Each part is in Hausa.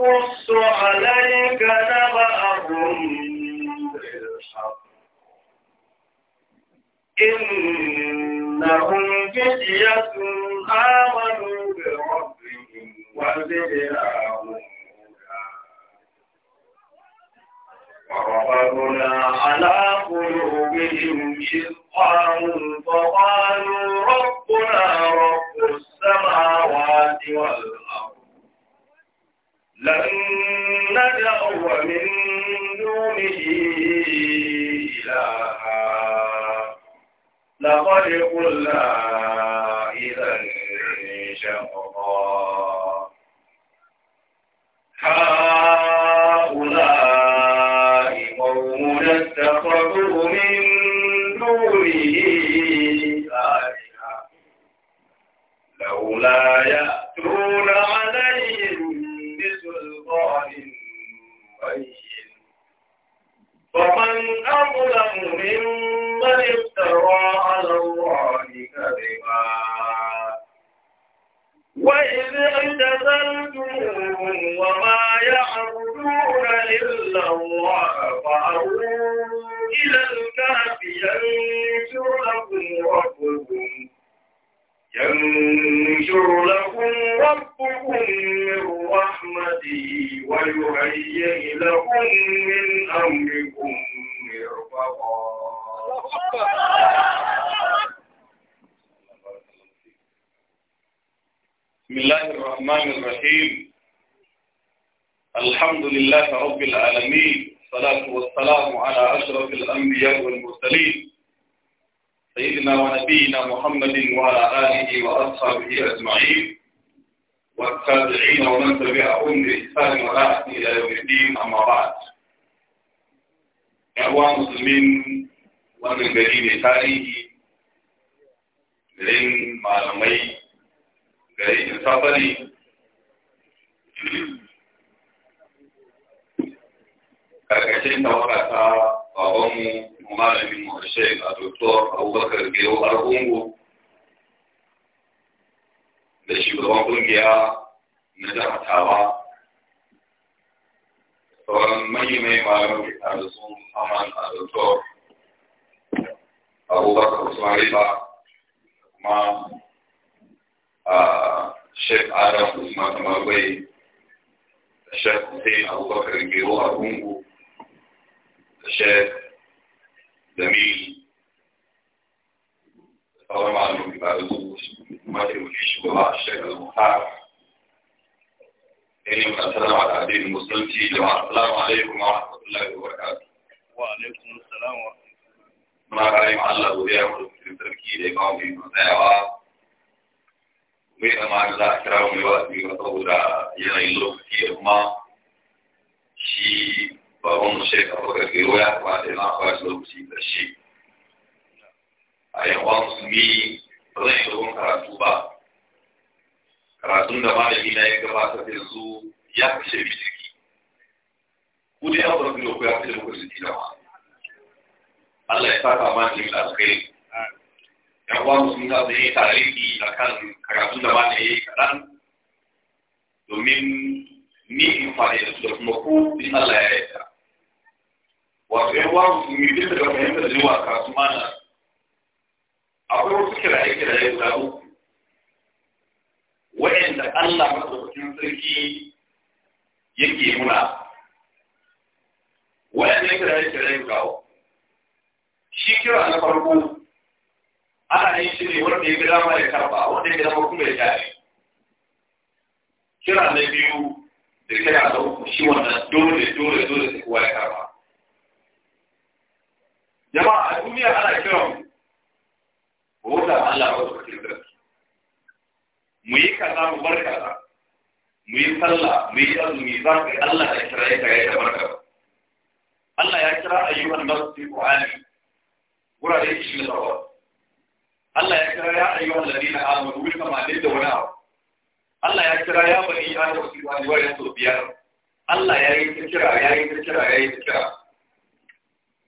نقص عليك نبأهم بالحق إنهم فتية آمنوا بربهم وزدناهم وربنا على قلوبهم إذ قاموا فقالوا ربنا فليقلنا إذا شقا هؤلاء قوم اتخذوا من دونه آلهة لولا يأتون عليهم بسلطان بين فمن أظلم ممن افترى اعتزلتموهم وما يعبدون إلا الله فأروا إلى الكهف ينشر لكم ربكم من رحمته ويهيئ لكم من أمركم مرفقا بسم الله الرحمن الرحيم الحمد لله رب العالمين الصلاة والسلام على أشرف الأنبياء والمرسلين سيدنا ونبينا محمد وعلى آله وأصحابه أجمعين والتابعين ومن تبعهم بإحسان ولا إلى يوم الدين أما بعد إخوان مسلمين ومن بين تاريخ من معلمين gari in safari karkashin tawakata babanmu malamin mu Sheikh Dr. Abubakar Gero Argungu da shugaban kungiya na ta Tawa sauran manyan malamin da tare sun Aman Dr. Abubakar Usman Riba آه، الشيخ عارف عثمان مربي الشيخ حسين أبو بكر الجيرو أرونجو الشيخ زميل طبعا مع معلوم بما ما تقوليش بقى الشيخ المختار إني من السلام على دين المسلمين جماعة السلام عليكم ورحمة الله وبركاته وعليكم السلام ورحمة الله ما رأي معلق الله في التركيز إمامي وزيعه mai kama za a kira mai wa'azi ba saboda yanayin lokaci da kuma shi baban mu shekar bakar gero ya kamata yana ba shi lokaci da shi a yawan musulmi ba zan yi dogon karatu ba karatun da malami na ya gabatar da yanzu ya kashe mi ciki ku da yawon bakar gero ku ya kashe bakar ciki da ma Allah ya saka ma jimin alkhairi yawa sun za su yi tariki a kan karatun da ba da ya yi kaɗan domin ni in faɗi da su da kuma ku in Allah ya yarda. Wato yawa sun yi bisa da fahimtar da yawa kasu mana akwai wasu kiraye-kiraye guda uku waɗanda Allah maɗaukakin sarki yake muna waɗannan kiraye-kiraye guda uku. Shi kira na farko ana yin shi ne wanda ya gida ma ya karba wanda ya gida ma kuma ya jari kira na biyu da kira na uku shi wannan dole dole dole su kuwa ya karba jama'a a duniya ana kiran wata Allah wata su cikin da mu yi kaza mu bar kaza mu yi sallah mu yi yi za ka Allah ya kira ya kira ya barka Allah ya kira ayyuhan nasu fi shi wurare 27 Allah ya kira ya ayyuhal ladina amanu bil kamalin da wani abu Allah ya kira ya bani adam su wani wani so biyar Allah ya yi ta kira ya yi ta kira ya yi ta kira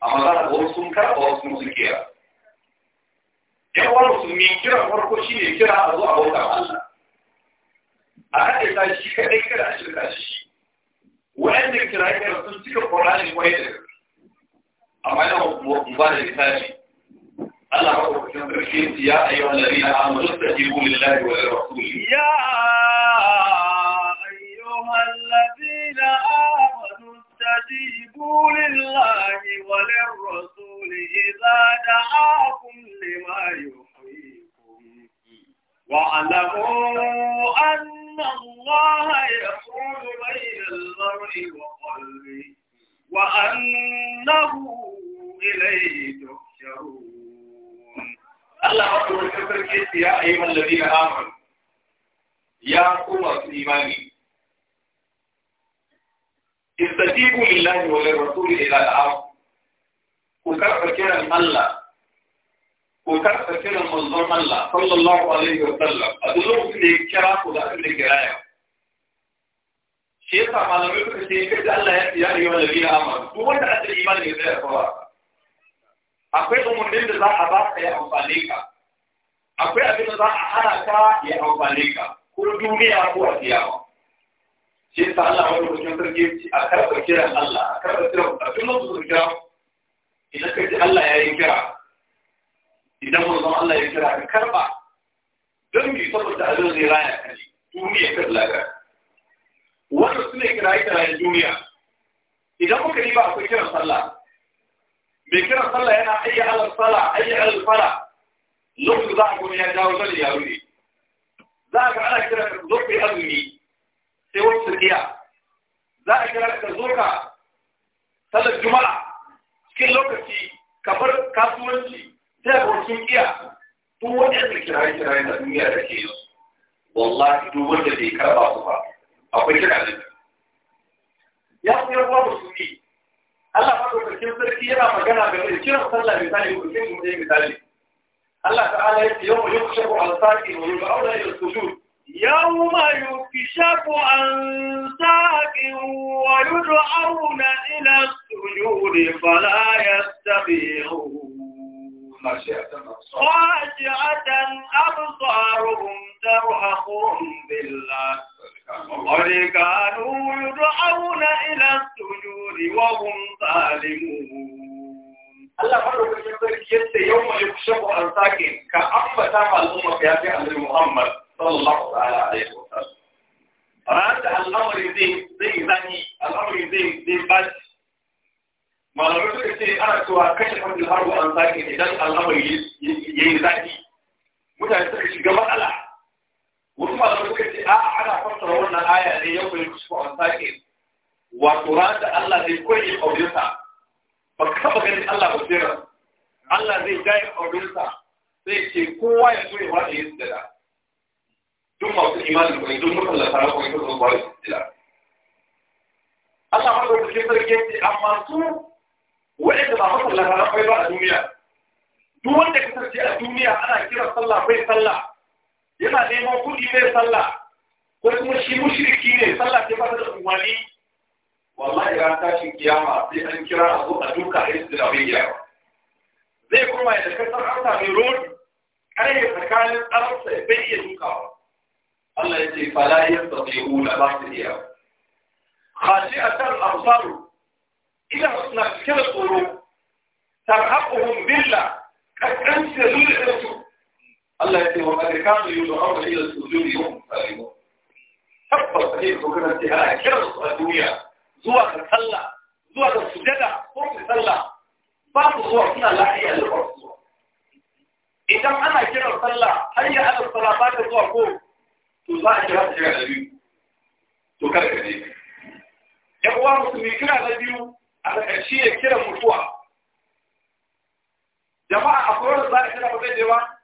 amma za ka wasu sun karɓa wasu sun kira Ya wani musulmi kira farko shi ne kira a zo a bauta Allah a haɗe ta shi kaɗai kira a shirka shi wa'anda kira kira sun cika ƙorani wani da amma yana mu ba da misali Allah maɗaukakin sarki ya ayyuhan ladina amanu istajibu lillahi wa lirrasul ya ayyuhan ladina amanu istajibu lillahi wa lirrasul idza da'akum lima yuhyikum wa'lamu anna Allah yahulu bayna al-mar'i wa qalbi وأنه إليه تحشرون الله عز وجل يا أيها الذين آمنوا يا أمة الإيمان استجيبوا لله وللرسول إلى دعاكم وكفر كلا الله وكفر كلا منظر الله صلى الله عليه وسلم أدلوه في الكراف وذات الكراية شيخ ما لم يكن شيخ الله يا أيها الذين آمنوا هو تأتي الإيمان إلى أخبرك akwai umarnin da za a ba ka ya amfane ka akwai abin da za a hana ka ya amfane ka ko duniya ko a kiyama shi ta Allah wani mutum sarki a karɓar kiran Allah a karɓar kiran a duk su kira idan ka ji Allah ya yi kira idan mun zama Allah ya kira ka karɓa don bi saboda a zai raya ka ne duniya ka laga wannan su ne kiraye kirayen duniya idan muka yi ba akwai kiran sallah mai kira sallah yana ayya alal sala lokacin za a gani ya dawo zali ya wuri za a ga zo ku yi azumi sai wani sirkiya za a kira ka zo ka sallar juma'a cikin lokaci kamar kasuwanci sai ga wasu iya duk wani yanzu kiraye kiraye na duniya da ke yi wallahi duk wanda bai karba ba akwai kira ya Allah madaukakin sarki yana magana game da kiran sallah misali ko kin mu dai misali Allah ta'ala yace yawma yukshafu al-saqi wa yud'auna ila sujud yawma yukshafu al-saqi wa yud'auna ila sujud fala yastabi'un خاشعة أبصارهم ترهقهم بالله وقد كانوا يدعون إلى السجود وهم ظالمون الله فرد بجبر يوم يكشف عن ساكن كأمة الأمة في أمر محمد صلى الله عليه وسلم فرد الأمر يزين زي زاني الأمر يزين زي بات ما لم يكن يسير أرسوا كشف الهرب عن ساكن إذن الأمر يزين زاني wato ran da Allah zai koyi aurinsa ba ka taba ganin Allah ba tsira. Allah zai jaye aurinsa sai ce kowa ya zo ya wada yin sujada duk masu imanin ko duk mutan la fara ko duk ba su sujada Allah ma da cikin sarki ce amma su wanda ba mutan la fara ba a duniya duk wanda ka sarki a duniya ana kira sallah bai sallah yana neman kuɗi bai sallah ko kuma shi mushriki ne sallah ce ba ta da umarni wallahi ran tashin kiyama sai an kira a zo a duka a yi da bai yawa zai kuma ya daga san an sami rodi kare tsakanin arabsa ya bai iya dukawa Allah ya ce fala yastati'una ba su iya khashi'atan absaru ila suna cike da tsoro tarhaquhum billah kakkan su da su Allah ya ce wa kad kanu yud'una ila sujudi yawm salim tabbas sai ko kana ce a kira su a duniya zuwa ga sallah zuwa ga sujada ko ga sallah ba su zuwa suna lafiya da farko idan ana kiran sallah har ya ana sallah ba ta zuwa ko to za a kira ta da biyu to kada ka je yan uwa musulmi kira na biyu a ƙarshe ya kira mutuwa jama'a akwai wanda za a kira ba zai je ba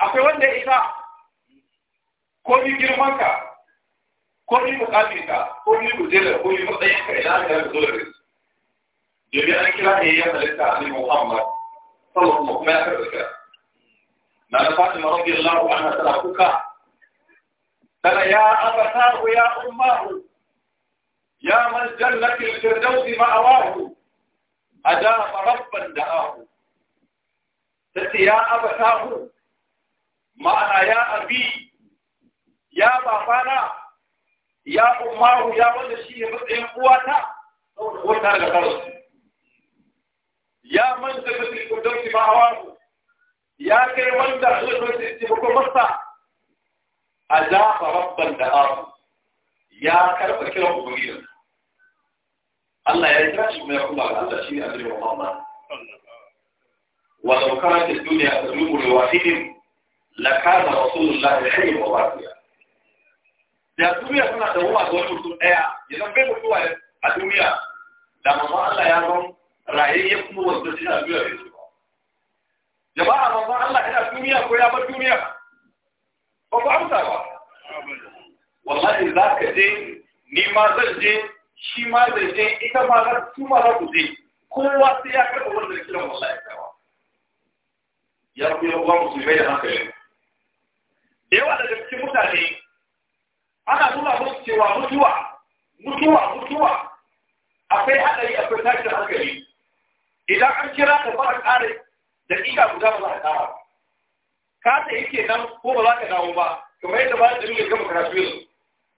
akwai wanda ya isa ko ni girman ka ko ni bukatin ka ko ni gudela ko ni matsayin ka ina ka da zuwa rinsu domin an kira ne ya halitta a nemi muhammad sallallahu alaihi wasallam ya karɓa na da fatima radiyallahu anha tana kuka tana ya abatahu ya ummahu ya man jannatil firdausi ma'awahu أداء ربا دعاه تتي يا أبتاه معنا يا أبي يا بابانا يا أمه يا ولد الشيخ إن قوتا لقرص يا من تبت القدوس مع أواره يا كي من دخلت وستبك مصا أزاق رب الدهار يا كرب كرب مجيلا الله يجرش ما يقول الله على شيء أدري الله ولو كانت الدنيا تذوب لواحد لكان رسول الله حي وواحد da duniya suna da wuwa ga wani mutum ɗaya idan bai mutuwa a duniya da mamma Allah ya zan rayayye kuma wanda shi na duniya bai zuwa jama'a mamma Allah yana duniya ko ya bar duniya ba ku amsa ba wallahi za ka je ni ma zan je shi ma zai je ita ma za su ma za ku je kowa sai ya karɓa wanda kira wallahi kawa ya fi yawan musulmai da hankali da yawa daga cikin mutane cewa mutuwa mutuwa mutuwa akwai haɗari akwai tashin hankali idan an kira ka ba a ƙare ƙiƙa guda ba za a ƙara ka ta yake nan ko ba za ka dawo ba kamar yadda ba da nuna gama karatu yanzu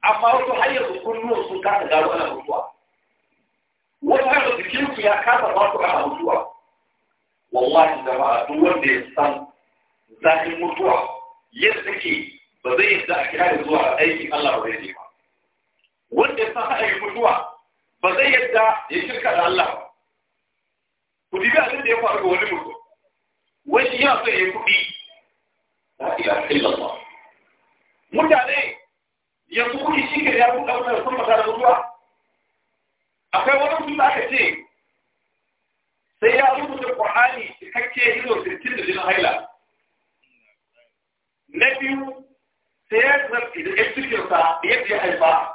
amma wasu hanyar su kunnuwar sun ta dawo ana mutuwa wasu hanyar jikinsu ya kasa ba su ana mutuwa wallahi a duk wanda ya san zafin mutuwa yadda take ba zai yadda a kira da zuwa aikin Allah ba zai ba wanda ya haɗa yi mutuwa ba zai yadda ya shirka da Allah ba ku dibi abin da ya faru ga wani mutum wani yana son ya yi kuɗi la ilaha illallah mutane yanzu kuɗi shi ke ya buɗe wani sun masa da mutuwa akwai wani mutum da aka ce sai ya rubuta Qur'ani cikakke ido 60 da jinin haila na biyu sai ya zarfi da ya cikinsa yadda ya haifa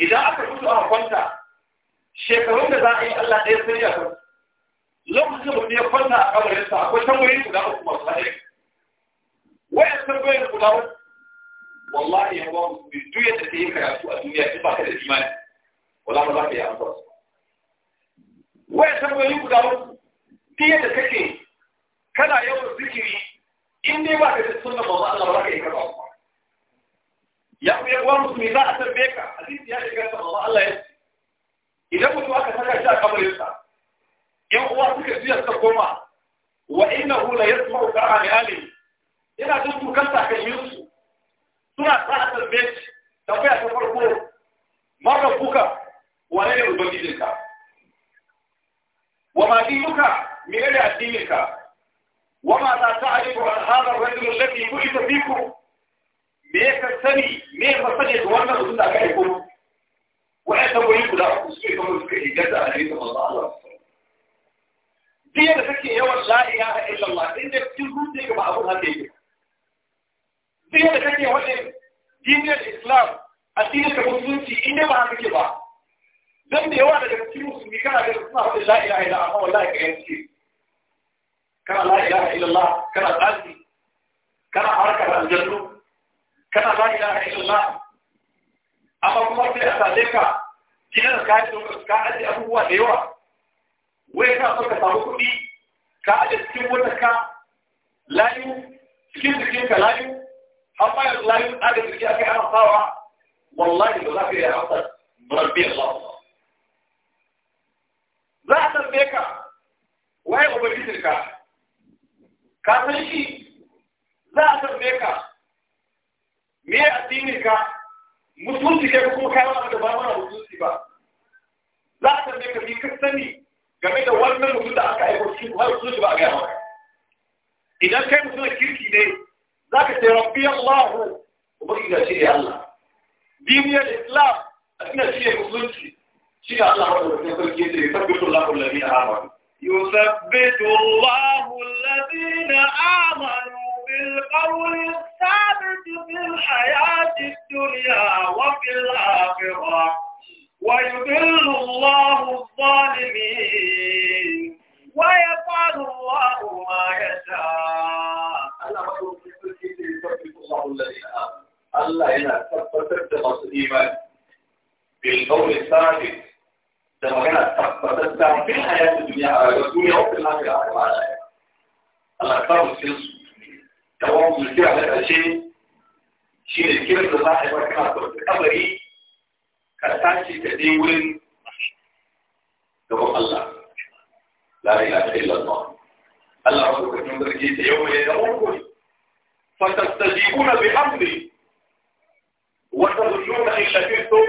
idan aka mutu a kwanta shekarun da za a yi Allah ɗaya sai ya kwanta lokacin mutum ya kwanta a sa akwai tambayoyi guda uku masu haɗari wayan tambayoyin guda uku wallahi ya ba musu duk yadda ka yi karatu a duniya ki ba ka da imani wala ba za ka yi amsa su wayan tambayoyi guda uku duk yadda kake kana yawan zikiri in dai ba ka da sunna ba Allah ba za ka yi karatu ya ku yawa musulmi za a tarbe ka hadisi ya shiga ta Allah Allah ya ce idan mutu aka saka shi a kamar yan uwa suka jiya suka koma wa ya la uka a ali yana jin tukan yi su suna sa a tarbe shi kuya ta farko mara kuka wane ne ubangijinka wa ma dinuka menene addininka ta لا a عن هذا الرجل الذي بعث فيكم me ka sani me ka sani da wannan mutum da kai ko wai ta goyi kula ku suke kamar suke hijjar da alaihi sallallahu alaihi wasallam da kake yawan la ilaha illallah inda cikin zuciya ga ba abun haka yake diya da kake wannan dinin islam addinin da musulunci inda ba haka ke ba dan da yawa daga cikin musulmi kana da suna faɗin la ilaha illallah amma wallahi ka yanke kana la ilaha illallah kana tsari kana harkar aljannu kana ba ila illallah amma kuma sai a sale ka gidan ka yi dokar ka aje abubuwa da yawa wai ka so ka samu kuɗi ka aje cikin wata ka layu cikin jikin ka layu har ma yanzu layu jirgi a kai ana sawa wallahi ba za ka yi amsa rabbi Allah za a tambaye ka waye ubangijinka ka san shi za a tambaye ka me addinin ka mutunci ke ko kai wani da ba mana mutunci ba za ka ne ka ka sani game da wannan mutum da aka aiko cikin har su ba a gaya maka idan kai mutum kirki ne za ka ce rabbi Allah ubangiji shi Allah diniyar Islam ina shi ne musulunci shi ne Allah wanda ya sarki da ya tabbata Allah kullami a amanu yusabbitu Allah alladhina amanu القول الثابت في الحياة الدنيا وفي الآخرة ويذل الله الظالمين ويفعل الله ما يشاء الله هنا ثبتت مصر إيمان بالقول الثابت ده مجانا ثبتت في الحياة الدنيا والدنيا وفي الآخرة الله أكبر مسلسل تمام الفعل الأشيء شيء الكبر لصاحب الكبر الكبري كالتاشي تدين تقول الله لا إله إلا الله الله ربك من جيت يوم يدعوكم فتستجيبون بأمري وتظنون إن شكرتم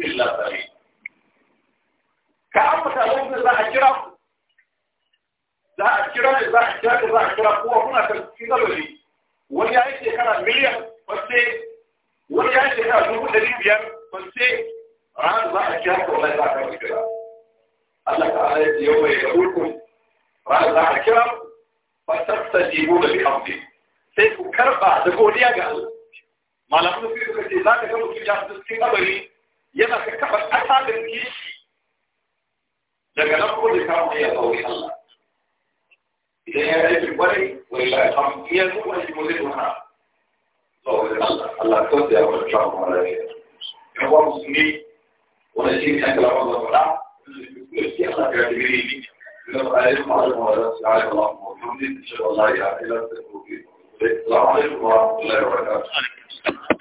إلا قليل كأمر تلوم الله أجرم za a kira ne za a kira ne za a kira kowa kuna kan cikin wani ya yi shekara miliyan fasai wani ya yi shekara dubu ɗari biyar fasai ranar za a kira ko za a kan kira Allah ta ala ya yau mai gaburku ranar za a kira fasasta jibo da bihamdi sai ku karɓa da godiya ga Allah malamin da suka ce za ka ga mutum ya fi cikin kabari yana ka kafa ƙasa da kishi daga nan ko da kawo ya kawo Allah إذا هي ليش بري ولا الحمد هي هو اللي مديرها الله الله كنت يا رب الشعب على هو مسلمين ولا شيء أنت لا الله ولا شيء الله يعتبرني لو أعلم على الله سبحانه الله وبحمده إن شاء الله يا إلهي السلام عليكم ورحمة الله وبركاته